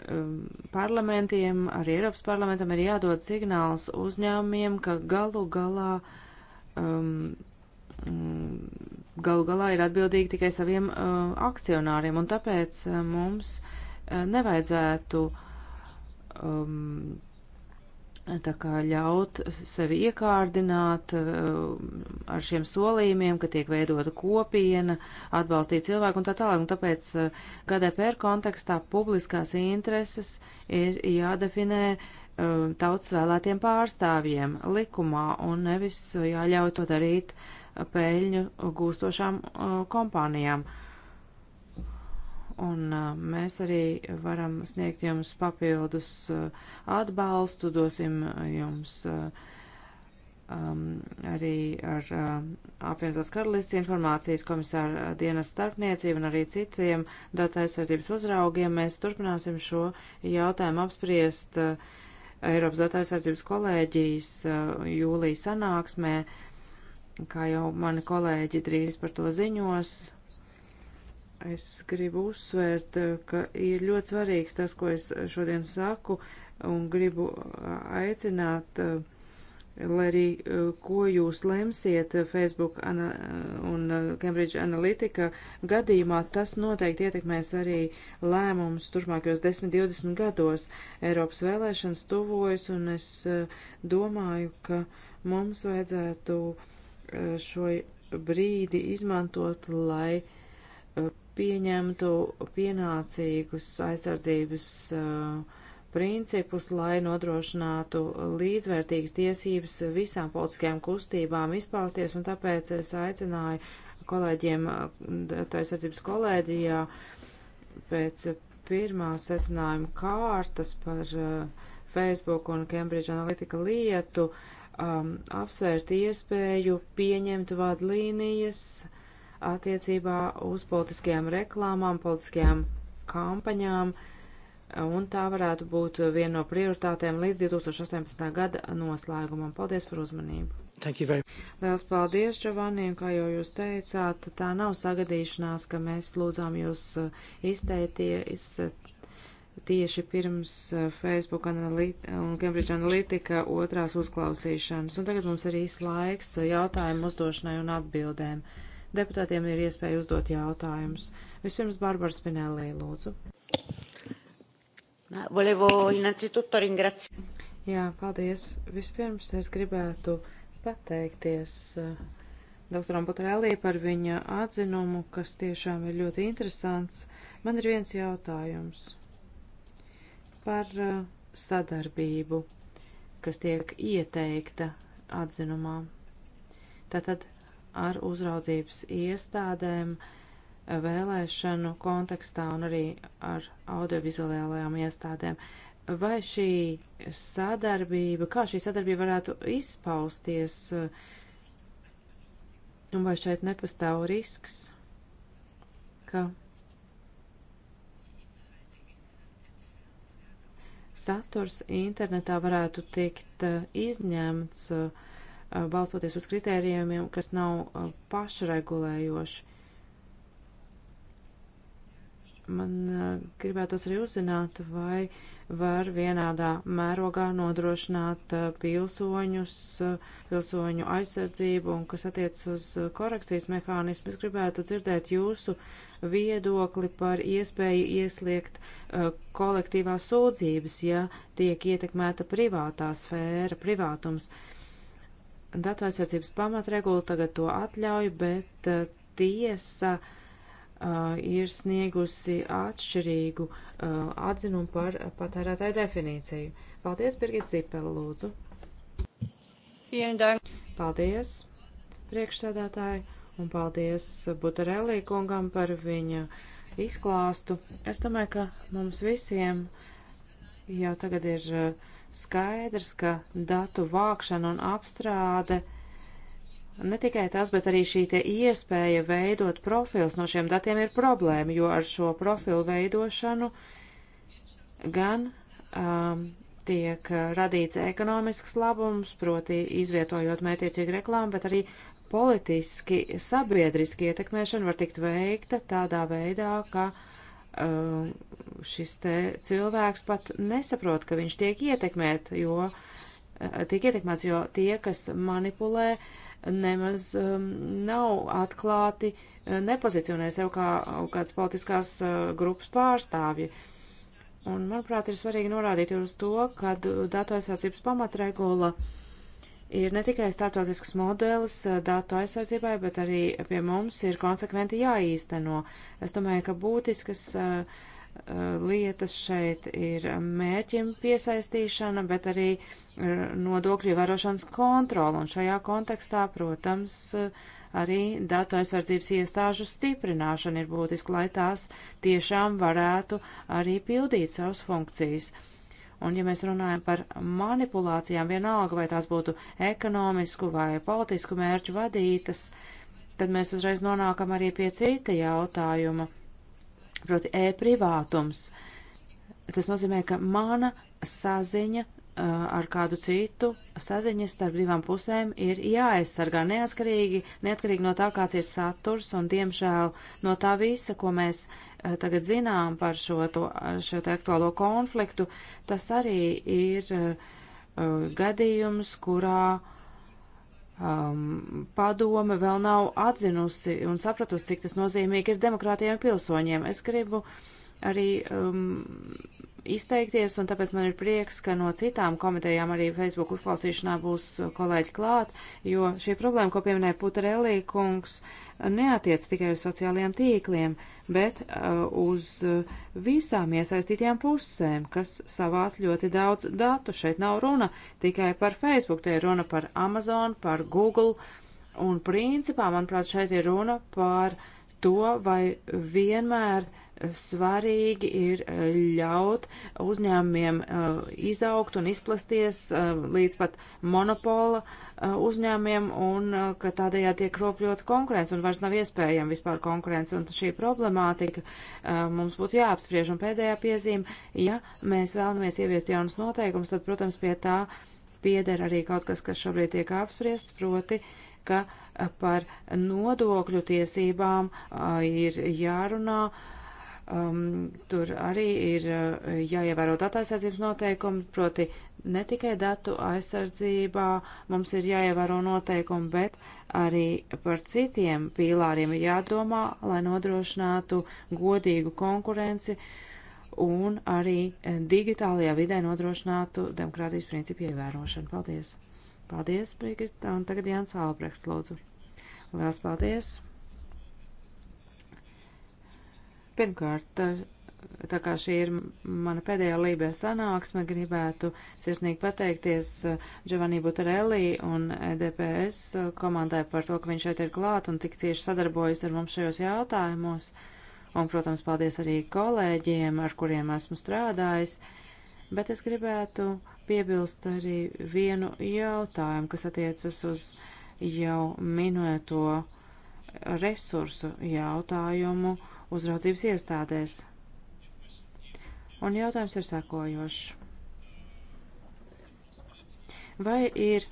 Um, parlamentiem, arī Eiropas parlamentam ir jādod signāls uzņēmumiem, ka galu galā um, mm, galu galā ir atbildīgi tikai saviem uh, akcionāriem, un tāpēc uh, mums uh, nevajadzētu uh, um, tā kā ļaut sevi iekārdināt uh, ar šiem solījumiem, ka tiek veidota kopiena, atbalstīt cilvēku un tā tālāk. Un tāpēc uh, GDPR kontekstā publiskās intereses ir jādefinē uh, tautas vēlētiem pārstāvjiem likumā un nevis jāļauj to darīt peļņu gūstošām uh, kompānijām. Uh, un mēs arī varam sniegt jums papildus atbalstu, dosim jums um, arī ar um, apvienotās karalists informācijas komisāra dienas starpniecību un arī citiem datu aizsardzības uzraugiem. Mēs turpināsim šo jautājumu apspriest uh, Eiropas datu aizsardzības kolēģijas uh, jūlijas sanāksmē. Kā jau mani kolēģi drīz par to ziņos, Es gribu uzsvērt, ka ir ļoti svarīgs tas, ko es šodien saku, un gribu aicināt, lai arī ko jūs lemsiet Facebook un Cambridge Analytica gadījumā, tas noteikti ietekmēs arī lēmumus turpmākajos 10-20 gados. Eiropas vēlēšanas tuvojas, un es eh, domāju, ka mums vajadzētu eh, šo brīdi izmantot, lai eh, pieņemtu pienācīgus aizsardzības uh, principus, lai nodrošinātu līdzvērtīgas tiesības visām politiskajām kustībām izpausties, un tāpēc es aicināju kolēģiem, uh, tā aizsardzības kolēģijā, pēc pirmā secinājuma kārtas par uh, Facebook un Cambridge Analytica lietu um, apsvērt iespēju pieņemt vadlīnijas, uh, attiecībā uz politiskajām reklāmām, politiskajām kampaņām, un tā varētu būt viena no prioritātēm līdz 2018. gada noslēgumam. Paldies par uzmanību! Lielas paldies, Giovanni, un kā jau jūs teicāt, tā nav sagadīšanās, ka mēs lūdzām jūs uh, izteikties uh, tieši pirms uh, Facebook analīt un Cambridge Analytica otrās uzklausīšanas. Un tagad mums ir īs laiks jautājumu uzdošanai un atbildēm. Deputātiem ir iespēja uzdot jautājumus. Vispirms Barbara Spinelli, lūdzu. Volevo innanzitutto ringraziare. Jā, paldies. Vispirms es gribētu pateikties eh, doktoram Butrēlī par viņa atzinumu, kas tiešām ir ļoti interesants. Man ir viens jautājums par eh, sadarbību, kas tiek ieteikta atzinumā. Tātad ar uzraudzības iestādēm vēlēšanu kontekstā un arī ar audiovizuālajām iestādēm. Vai šī sadarbība, kā šī sadarbība varētu izpausties, un vai šeit nepastāv risks, ka saturs internetā varētu tikt eh, izņemts uh, Uh, balstoties uz kritērijiem, kas nav uh, pašregulējoši. Man uh, gribētos arī uzzināt, vai var vienādā mērogā nodrošināt pilsoņus, pilsoņu aizsardzību un kas attiec uz korekcijas mehānismu. Es gribētu dzirdēt jūsu viedokli par iespēju iesliegt kolektīvās sūdzības, ja tiek ietekmēta privātā sfēra, privātums. Uh, Datu aizsardzības pamatregula tagad to atļauj, bet eh, tiesa uh, ir sniegusi atšķirīgu uh, atzinumu par patērētāju definīciju. Paldies, Birgit Zipela, lūdzu. Paldies, priekšsēdētāji, un paldies Butarelī kungam par viņa izklāstu. Es domāju, ka mums visiem jau tagad ir uh, skaidrs, ka datu vākšana un apstrāde ne tikai tas, bet arī šī te iespēja veidot profils no šiem datiem ir problēma, jo ar šo profilu veidošanu gan um, tiek uh, radīts ekonomisks labums, proti izvietojot mērķiecīgu reklāmu, bet arī politiski, sabiedriski ietekmēšana var tikt veikta tādā veidā, ka uh, Uh, šis te cilvēks pat nesaprot, ka viņš tiek ietekmēt, jo uh, tiek ietekmēts, jo tie, kas manipulē, nemaz um, nav atklāti, uh, nepozicionē sev kā kādas politiskās uh, grupas pārstāvji. Un, manuprāt, ir svarīgi norādīt uz to, ka datu aizsardzības pamatregula uh, ir ne tikai startautisks modelis eh, datu aizsardzībai, bet arī pie mums ir konsekventi jāīsteno. Es domāju, ka būtiskas eh, eh, lietas šeit ir mērķim piesaistīšana, bet arī nodokļu ievērošanas kontrola. Un šajā kontekstā, protams, arī datu aizsardzības iestāžu stiprināšana ir būtiska, lai tās tiešām varētu arī pildīt savas funkcijas. Un ja mēs runājam par manipulācijām, vienalga vai tās būtu ekonomisku vai politisku mērķu vadītas, tad mēs uzreiz nonākam arī pie cita jautājuma, proti e-privātums. Tas nozīmē, ka mana saziņa Eh, ar kādu citu saziņas starp divām pusēm ir jāaizsargā neatkarīgi, neatkarīgi no tā, kāds ir saturs un, diemžēl, no tā visa, ko mēs eh, tagad zinām par šo, to, šo te aktuālo konfliktu, tas arī ir uh, gadījums, kurā um, padome vēl nav atzinusi un sapratusi, cik tas nozīmīgi ir demokrātiem pilsoņiem. Es gribu uh, arī um, izteikties, un tāpēc man ir prieks, ka no citām komitejām arī Facebook uzklausīšanā būs uh, kolēģi klāt, jo šī problēma, ko pieminēja Putarelī kungs, neatiec tikai uz sociālajiem tīkliem, bet uh, uz uh, visām iesaistītajām pusēm, kas savāc ļoti daudz datu. Šeit nav runa tikai par Facebook, te ir runa par Amazon, par Google, un principā, manuprāt, šeit ir runa par to, vai vienmēr uh, svarīgi ir eh, ļaut uzņēmumiem eh, izaugt un izplasties eh, līdz pat monopola uzņēmumiem un ka tādējā tiek kropļot konkurence un vairs nav iespējama vispār konkurence. Un šī problemātika mums būtu jāapspriež. Un pēdējā piezīme, ja mēs vēlamies ieviest jaunus noteikumus, tad, protams, pie tā pieder arī kaut kas, kas šobrīd tiek apspriests, proti, ka par nodokļu tiesībām ir jārunā. Uh, Um, tur arī ir uh, jāievēro datu aizsardzības noteikumi, proti ne tikai datu aizsardzībā mums ir jāievēro noteikumi, bet arī par citiem pīlāriem ir jādomā, lai nodrošinātu godīgu konkurenci un arī digitālajā vidē nodrošinātu demokrātijas principu ievērošanu. Paldies! Paldies, Brigita! Un tagad Jānis Albrechts, lūdzu. Lielas paldies! Pirmkārt, tā kā šī ir mana pēdējā Lībē sanāksme, gribētu sirsnīgi pateikties eh, Giovanni Butarelli un e DPS eh, komandai par to, ka viņš šeit ir klāt un tik cieši sadarbojas ar mums šajos jautājumos. Un, protams, paldies arī kolēģiem, ar kuriem esmu strādājis. Bet es gribētu piebilst arī vienu jautājumu, kas attiecas uz jau minēto resursu jautājumu uzraudzības iestādēs. Un jautājums ir sakojošs. Vai ir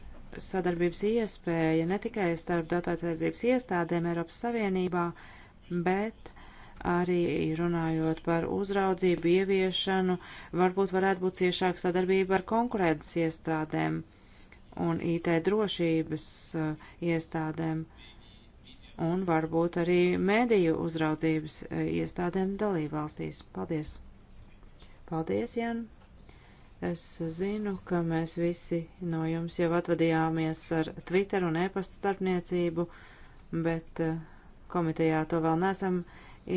sadarbības iespēja ne tikai starp datorsaizdības iestādēm Eiropas Savienībā, bet arī runājot par uzraudzību, ieviešanu, varbūt varētu būt ciešāka sadarbība ar konkurences iestādēm un IT drošības uh, iestādēm. Uh, un varbūt arī mēdīju uzraudzības eh, iestādēm dalībvalstīs. Paldies! Paldies, Jan! Es zinu, ka mēs visi no jums jau atvadījāmies ar Twitter un e-pasta starpniecību, bet eh, komitejā to vēl nesam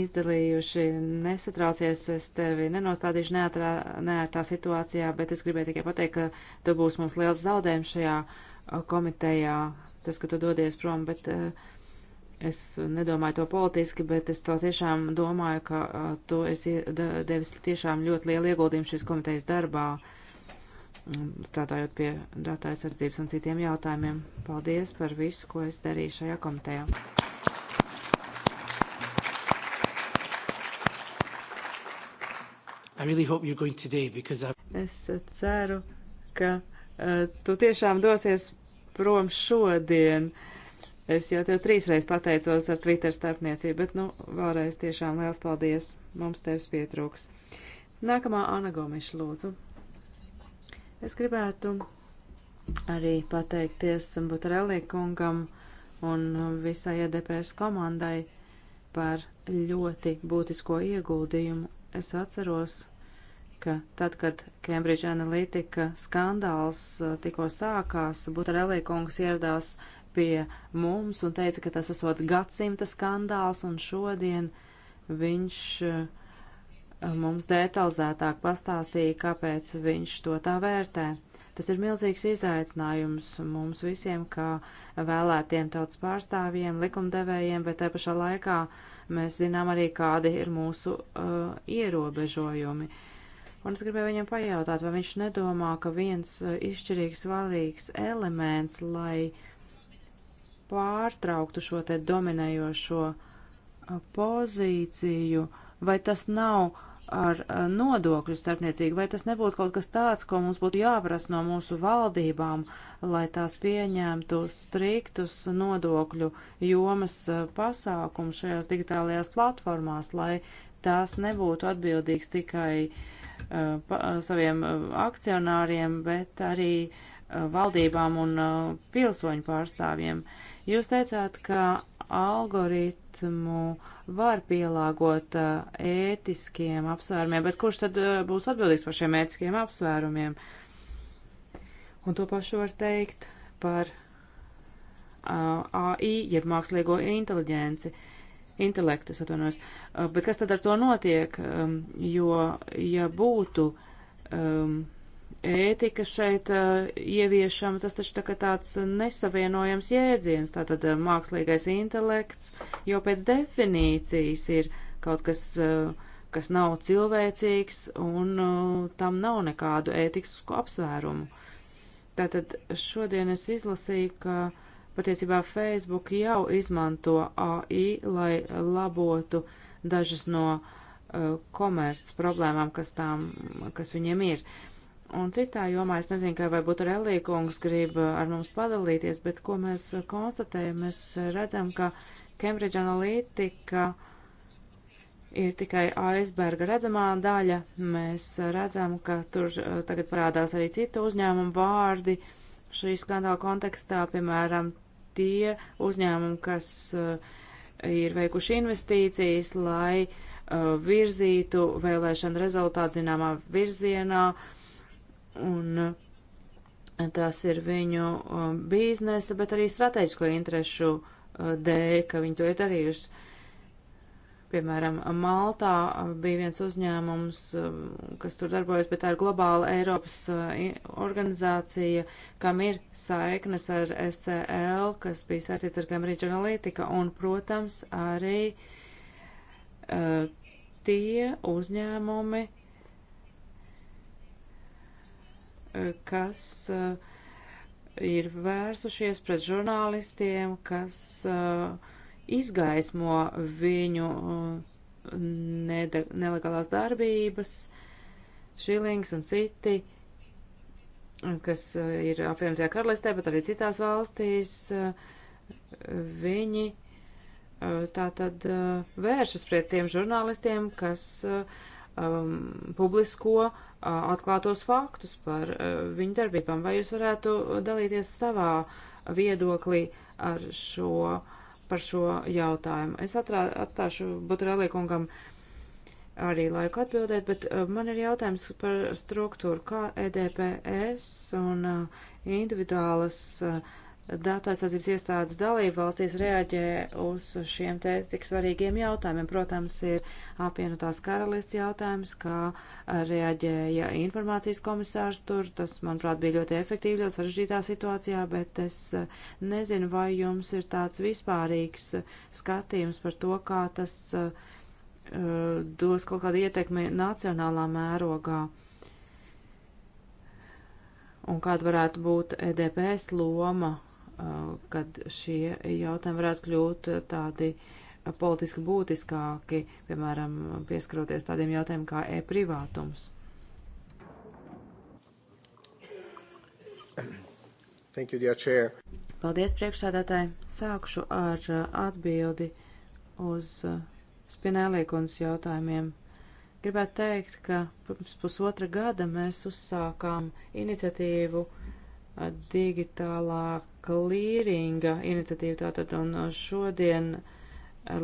izdalījuši. Nesatraucies, es tevi nenostādīšu neatrā, neārtā situācijā, bet es gribēju tikai pateikt, ka tu būs mums liels zaudējums šajā eh, komitejā, tas, ka tu dodies prom, bet uh, Es nedomāju to politiski, bet es to tiešām domāju, ka tu esi devis tiešām ļoti lielu ieguldījumu šīs komitejas darbā, strādājot pie datu aizsardzības un citiem jautājumiem. Paldies par visu, ko es darīju šajā komitejā. I really hope you're going today because I... Es ceru, ka uh, tu tiešām dosies prom šodien, Es jau tev trīsreiz pateicos ar Twitter starpniecību, bet, nu, vēlreiz tiešām liels paldies. Mums tevs pietrūks. Nākamā Ana Gomiša lūdzu. Es gribētu arī pateikties Butarelī kungam un visai EDPS komandai par ļoti būtisko ieguldījumu. Es atceros, ka tad, kad Cambridge Analytica skandāls uh, tikko sākās, Butarelī kungs ieradās pie mums un teica, ka tas esot gadsimta skandāls, un šodien viņš eh, mums detalizētāk pastāstīja, kāpēc viņš to tā vērtē. Tas ir milzīgs izaicinājums mums visiem, kā vēlētiem tautas pārstāvjiem, likumdevējiem, bet te pašā laikā mēs zinām arī, kādi ir mūsu uh, ierobežojumi. Un es gribēju viņam pajautāt, vai viņš nedomā, ka viens uh, izšķirīgs svarīgs elements, lai uh, pārtrauktu šo te dominējošo pozīciju, vai tas nav ar nodokļu starpniecību, vai tas nebūtu kaut kas tāds, ko mums būtu jāprasa no mūsu valdībām, lai tās pieņemtu striktus nodokļu jomas pasākumus šajās digitālajās platformās, lai tās nebūtu atbildīgs tikai uh, pa, saviem akcionāriem, bet arī uh, valdībām un uh, pilsoņu pārstāvjiem. Uh, Jūs teicāt, ka algoritmu var pielāgot uh, ētiskiem apsvērumiem, bet kurš tad uh, būs atbildīgs par šiem ētiskiem apsvērumiem? Un to pašu var teikt par uh, AI, jeb mākslīgo inteliģenci. Uh, intelektu, atvainojos. Bet kas tad ar to notiek? Um, jo, ja būtu um, ētika šeit uh, ieviešama, tas taču tā kā tāds nesavienojams jēdziens, tātad uh, mākslīgais intelekts, jo pēc definīcijas ir kaut kas, uh, kas nav cilvēcīgs un tam nav nekādu ētiksku apsvērumu. Tātad šodien es izlasīju, ka patiesībā Facebook jau izmanto AI, lai labotu dažas no komerc problēmām, kas, tām, kas viņiem ir un citā jomā es nezinu, kā vai būtu Relīkungs grib uh, ar mums padalīties, bet ko mēs uh, konstatējam, mēs uh, redzam, ka Cambridge Analytica ir tikai aizberga redzamā daļa. Mēs redzam, ka tur tagad parādās arī citu uzņēmumu vārdi šī skandāla kontekstā, piemēram, tie uzņēmumi, kas ir veikuši investīcijas, lai virzītu vēlēšanu rezultātu zināmā virzienā, uh, un eh, tas ir viņu um, biznesa, bet arī strateģisko interešu eh, dēļ, ka viņi to ir darījuši. Piemēram, Maltā eh, bija viens uzņēmums, kas tur darbojas, bet tā ir globāla Eiropas organizācija, kam ir saiknes ar SCL, kas bija saistīts ar Cambridge Analytica, un, protams, arī uh, tie uzņēmumi, kas eh, ir vērsušies pret žurnālistiem, kas eh, izgaismo viņu eh, nelegālās darbības, Šilings un citi, kas ir apvienotajā karalistē, bet arī citās valstīs, viņi tā tad vēršas pret tiem žurnālistiem, kas uh, um, publisko uh, atklātos faktus par uh, viņu darbībām. Vai jūs varētu dalīties savā viedoklī ar šo, par šo jautājumu? Es atrā, atstāšu Butrēlī kungam arī laiku atbildēt, bet uh, man ir jautājums par struktūru, kā EDPS un uh, individuālas uh, datu aizsardzības iestādes dalība valstīs reaģē uz šiem te tik svarīgiem jautājumiem. Protams, ir apvienotās karalists jautājums, kā reaģēja informācijas komisārs tur. Tas, manuprāt, bija ļoti efektīvi, ļoti sarežģītā situācijā, bet es eh, nezinu, vai jums ir tāds vispārīgs skatījums par to, kā tas uh, dos kaut kādu ietekmi nacionālā mērogā un kāda varētu būt EDPS loma Uh, kad šie jautājumi varētu kļūt uh, tādi uh, politiski būtiskāki, piemēram, pieskaroties tādiem jautājumiem kā e-privātums. Thank you, dear chair. Paldies, priekšsādātāji. Sākšu ar atbildi uz Spinēlīkunas jautājumiem. Gribētu teikt, ka pirms pusotra gada mēs uzsākām iniciatīvu uh, digitālā klīringa iniciatīva tātad, un šodien,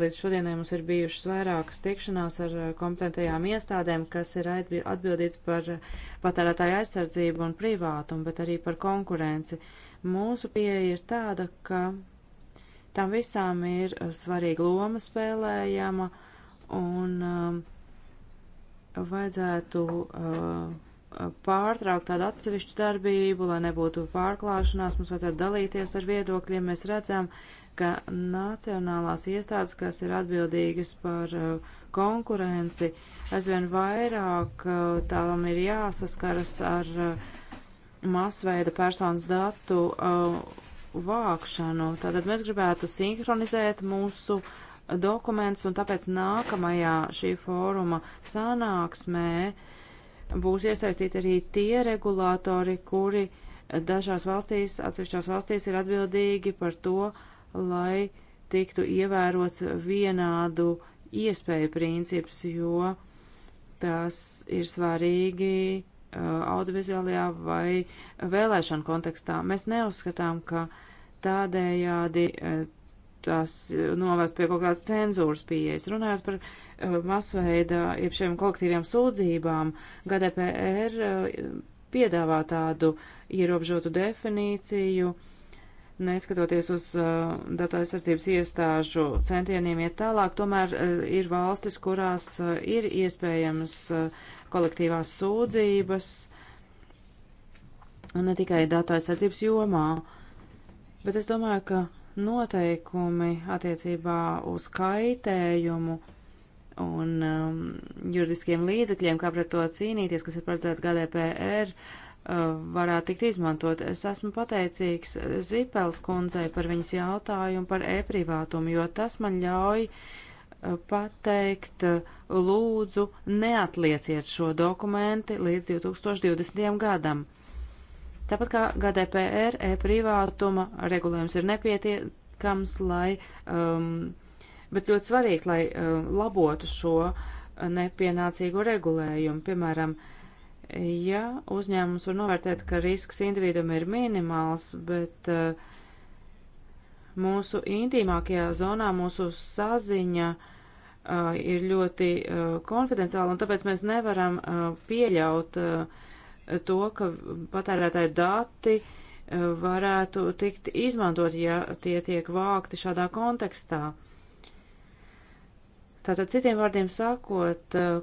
līdz šodienai mums ir bijušas vairākas tikšanās ar kompetentajām iestādēm, kas ir atbildīts par patērētāju aizsardzību un privātumu, bet arī par konkurenci. Mūsu pieeja ir tāda, ka tam visām ir svarīga loma spēlējama un um, vajadzētu uh, pārtraukt tādu atsevišķu darbību, lai nebūtu pārklāšanās, mums vajadzētu dalīties ar viedokļiem. Mēs redzam, ka nacionālās iestādes, kas ir atbildīgas par uh, konkurenci, aizvien vairāk uh, tām ir jāsaskaras ar uh, masveida personas datu uh, vākšanu. Tātad mēs gribētu sinhronizēt mūsu dokumentus, un tāpēc nākamajā šī fóruma sanāksmē uh, būs iesaistīti arī tie regulātori, kuri dažās valstīs, atsevišķās valstīs ir atbildīgi par to, lai tiktu ievērots vienādu iespēju princips, jo tas ir svarīgi uh, audiovizuālajā vai vēlēšanu kontekstā. Mēs neuzskatām, ka tādējādi uh, tas eh, novērst pie kaut kādas cenzūras pieejas. Runājot par uh, masveida, jeb šiem kolektīviem sūdzībām, GDPR uh, eh, piedāvā tādu ierobežotu definīciju, neskatoties uz uh, datu aizsardzības iestāžu centieniem iet tālāk, tomēr uh, ir valstis, kurās uh, ir iespējams uh, kolektīvās sūdzības, un ne tikai datu aizsardzības jomā. Bet es domāju, ka noteikumi attiecībā uz kaitējumu un um, juridiskiem līdzekļiem, kā pret to cīnīties, kas ir paredzēta GDPR, uh, varētu tikt izmantot. Es esmu pateicīgs Zipels kundzei par viņas jautājumu par e-privātumu, jo tas man ļauj uh, pateikt, uh, lūdzu, neatlieciet šo dokumenti līdz 2020. gadam. Tāpat kā GDPR, e-privātuma regulējums ir nepietiekams, lai, um, bet ļoti svarīgs, lai um, labotu šo nepienācīgo regulējumu. Piemēram, ja uzņēmums var novērtēt, ka risks individam ir minimāls, bet uh, mūsu intīmākajā zonā mūsu saziņa uh, ir ļoti uh, konfidenciāla, un tāpēc mēs nevaram uh, pieļaut uh, to, ka patērētāji dati eh, varētu tikt izmantot, ja tie tiek vākti šādā kontekstā. Tātad citiem vārdiem sakot, eh,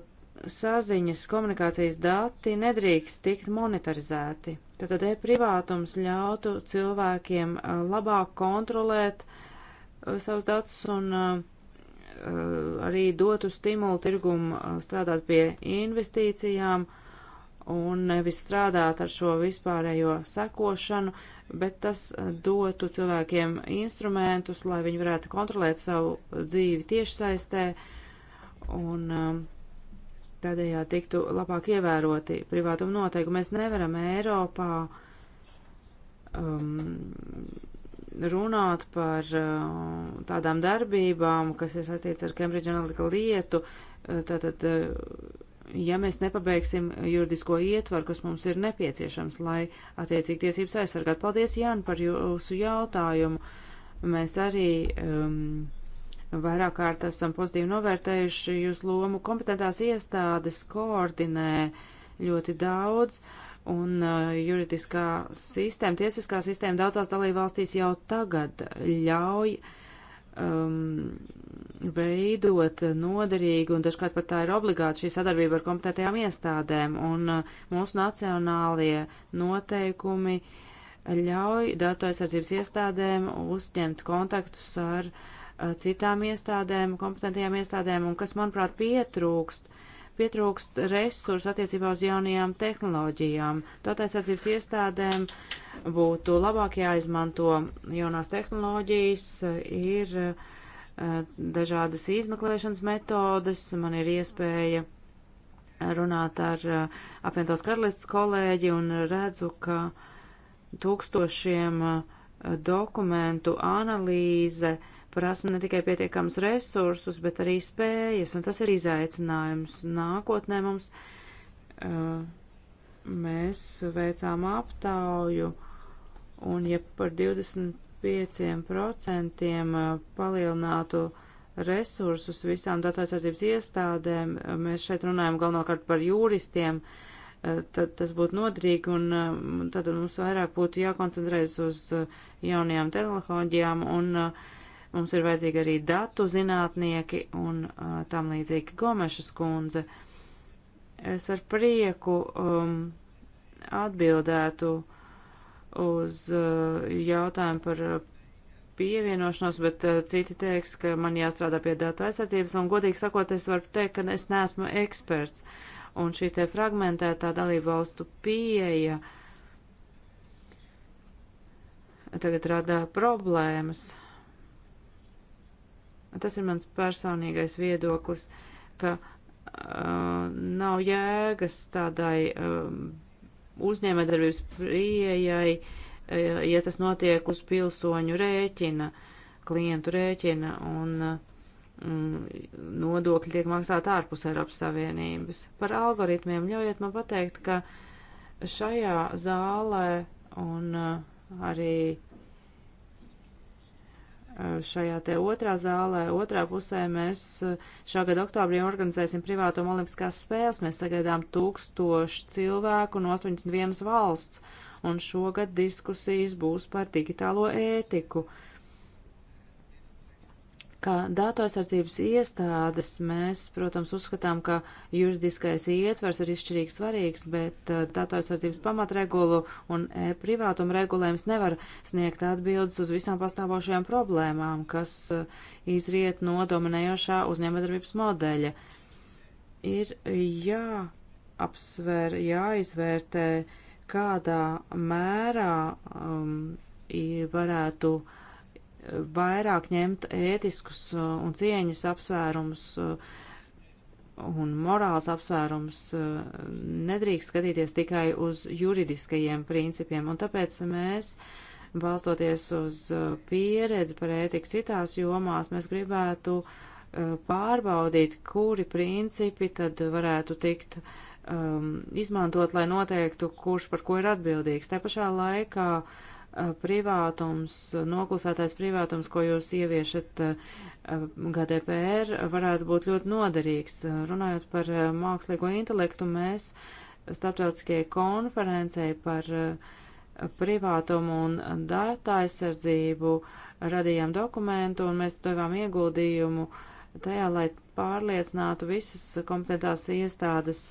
saziņas komunikācijas dati nedrīkst tikt monitorizēti. Tātad e-privātums ļautu cilvēkiem eh, labāk kontrolēt savus datus un uh, arī dotu stimulu tirgumu strādāt pie investīcijām, uh, un nevis strādāt ar šo vispārējo sekošanu, bet tas eh, dotu cilvēkiem instrumentus, lai viņi varētu kontrolēt savu dzīvi tiešsaistē un um, tādējādi tiktu labāk ievēroti privātuma noteikumi. Mēs nevaram Eiropā um, runāt par uh, tādām darbībām, kas ir saistīts ar Cambridge Analytica lietu, uh, tātad uh, ja mēs nepabeigsim juridisko ietvaru, kas mums ir nepieciešams, lai attiecīgi tiesības aizsargātu. Paldies, Jāni, par jūsu jautājumu. Mēs arī um, vairāk kārt esam pozitīvi novērtējuši jūsu lomu. Kompetentās iestādes koordinē ļoti daudz, un uh, juridiskā sistēma, tiesiskā sistēma daudzās dalībvalstīs jau tagad ļauj uh, um, veidot noderīgu, un dažkārt pat tā ir obligāta šī sadarbība ar kompetētajām iestādēm, un uh, mūsu nacionālie noteikumi ļauj datu aizsardzības iestādēm uzņemt kontaktus ar uh, citām iestādēm, kompetentajām iestādēm, un kas, manuprāt, pietrūkst uh, pietrūkst resursu attiecībā uz jaunajām tehnoloģijām. Tātad aizsardzības iestādēm būtu labāk jāizmanto jaunās tehnoloģijas, ir eh, dažādas izmeklēšanas metodes, man ir iespēja runāt ar eh, apvienotās karalists kolēģi un redzu, ka tūkstošiem eh, dokumentu analīze uh, prasa ne tikai pietiekams resursus, bet arī spējas, un tas ir izaicinājums nākotnē mums. Eh, mēs veicām aptauju, un ja par 25% eh, palielinātu resursus visām datu aizsardzības iestādēm, eh, mēs šeit runājam galvenokārt par juristiem, tad tas būtu nodrīgi un tad mums vairāk būtu jākoncentrējas uz jaunajām tehnoloģijām un uh, Mums ir vajadzīgi arī datu zinātnieki un uh, tam līdzīgi Gomešas kundze. Es ar prieku um, atbildētu uz uh, jautājumu par uh, pievienošanos, bet uh, citi teiks, ka man jāstrādā pie datu aizsardzības, un godīgi sakot, es varu teikt, ka es neesmu eksperts. Un šī te fragmentētā dalību valstu pieeja tagad rada problēmas Tas ir mans personīgais viedoklis, ka uh, nav jēgas tādai uh, uzņēmējdarbības pieejai, uh, ja tas notiek uz pilsoņu rēķina, klientu rēķina, un uh, nodokļi tiek maksāti ārpus Eiropas Savienības. Par algoritmiem ļaujiet man pateikt, ka šajā zālē un uh, arī Eh, šajā te otrā zālē. Otrā pusē mēs eh, šā gada oktobrī organizēsim privāto olimpiskās spēles. Mēs sagaidām tūkstošu cilvēku no 81 valsts, un šogad diskusijas būs par digitālo ētiku. Uh, Kā datu aizsardzības iestādes mēs, protams, uzskatām, ka juridiskais ietvers ir izšķirīgi svarīgs, bet uh, datu aizsardzības pamatregulu un e privātuma regulējums nevar sniegt atbildes uz visām pastāvošajām problēmām, kas uh, izriet no dominējošā uzņēmadarbības modeļa. Ir jāapsver, jāizvērtē, kādā mērā um, varētu uh, vairāk ņemt ētiskus uh, un cieņas apsvērumus uh, un morāls apsvērums uh, nedrīkst skatīties tikai uz juridiskajiem principiem, un tāpēc mēs, balstoties uz pieredzi par ētiku citās jomās, mēs gribētu pārbaudīt, kuri principi tad varētu tikt um, izmantot, lai noteiktu, kurš par ko ir atbildīgs. Te pašā laikā uh, Eh, privātums, eh, noklusētais privātums, ko jūs ieviešat eh, GDPR, varētu būt ļoti noderīgs. Runājot par mākslīgo intelektu, mēs starptautiskajai konferencei par privātumu un data aizsardzību radījām dokumentu un mēs devām ieguldījumu tajā, lai pārliecinātu visas kompetentās iestādes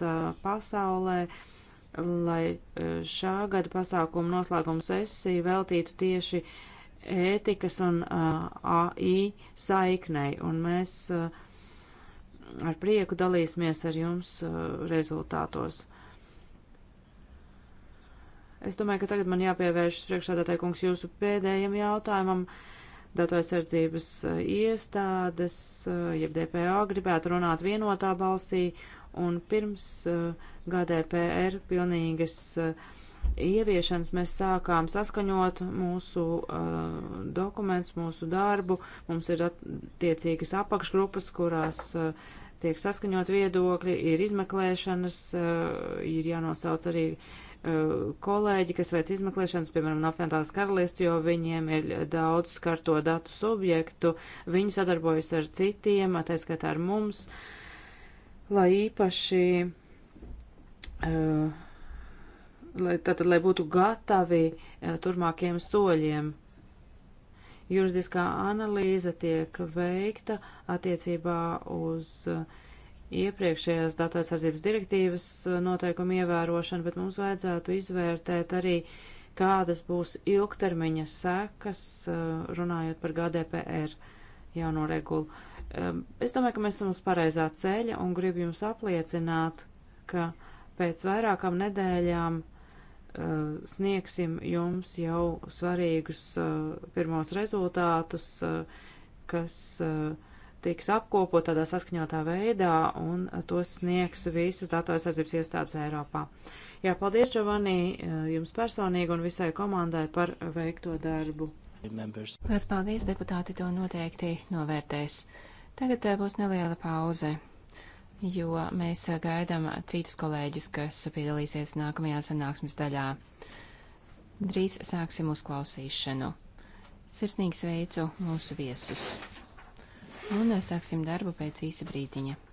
pasaulē, uh, lai e, šā gada pasākuma noslēguma sesija veltītu tieši ētikas un uh, e, AI saiknei, un mēs uh, ar prieku dalīsimies ar jums uh, rezultātos. Es domāju, ka tagad man jāpievērš priekšādātāji kungs jūsu pēdējiem jautājumam. Datu aizsardzības iestādes, jeb DPO, gribētu runāt vienotā balsī un pirms eh, GDPR pilnīgas eh, ieviešanas mēs sākām saskaņot mūsu uh, dokumentus, mūsu darbu. Mums ir attiecīgas apakšgrupas, kurās uh, tiek saskaņot viedokļi, ir izmeklēšanas, uh, ir jānosauc arī uh, kolēģi, kas veic izmeklēšanas, piemēram, no apvienotās karalists, jo viņiem ir daudz skarto datu subjektu, viņi sadarbojas ar citiem, tā skatā ar mums. Uh, lai īpaši, uh, lai, tātad, lai būtu gatavi uh, turmākiem soļiem. Juridiskā analīze tiek veikta attiecībā uz uh, iepriekšējās datu aizsardzības direktīvas noteikumu ievērošanu, bet mums vajadzētu izvērtēt arī, kādas būs ilgtermiņa sekas, runājot par GDPR jauno regulu. Es domāju, ka mēs esam uz pareizā ceļa un gribu jums apliecināt, ka pēc vairākām nedēļām eh, sniegsim jums jau svarīgus eh, pirmos rezultātus, eh, kas tiks apkopot tādā saskaņotā veidā un tos sniegs visas datu aizsardzības iestādes Eiropā. Jā, paldies, Giovanni, jums personīgi un visai komandai par veikto darbu. Liels paldies, deputāti to noteikti novērtēs. Tagad eh, būs neliela pauze, jo mēs eh, gaidām citus kolēģus, kas piedalīsies nākamajā sanāksmes daļā. Drīz sāksim uzklausīšanu. Sirsnīgi sveicu mūsu viesus. Un eh, sāksim darbu pēc īsa brīdiņa.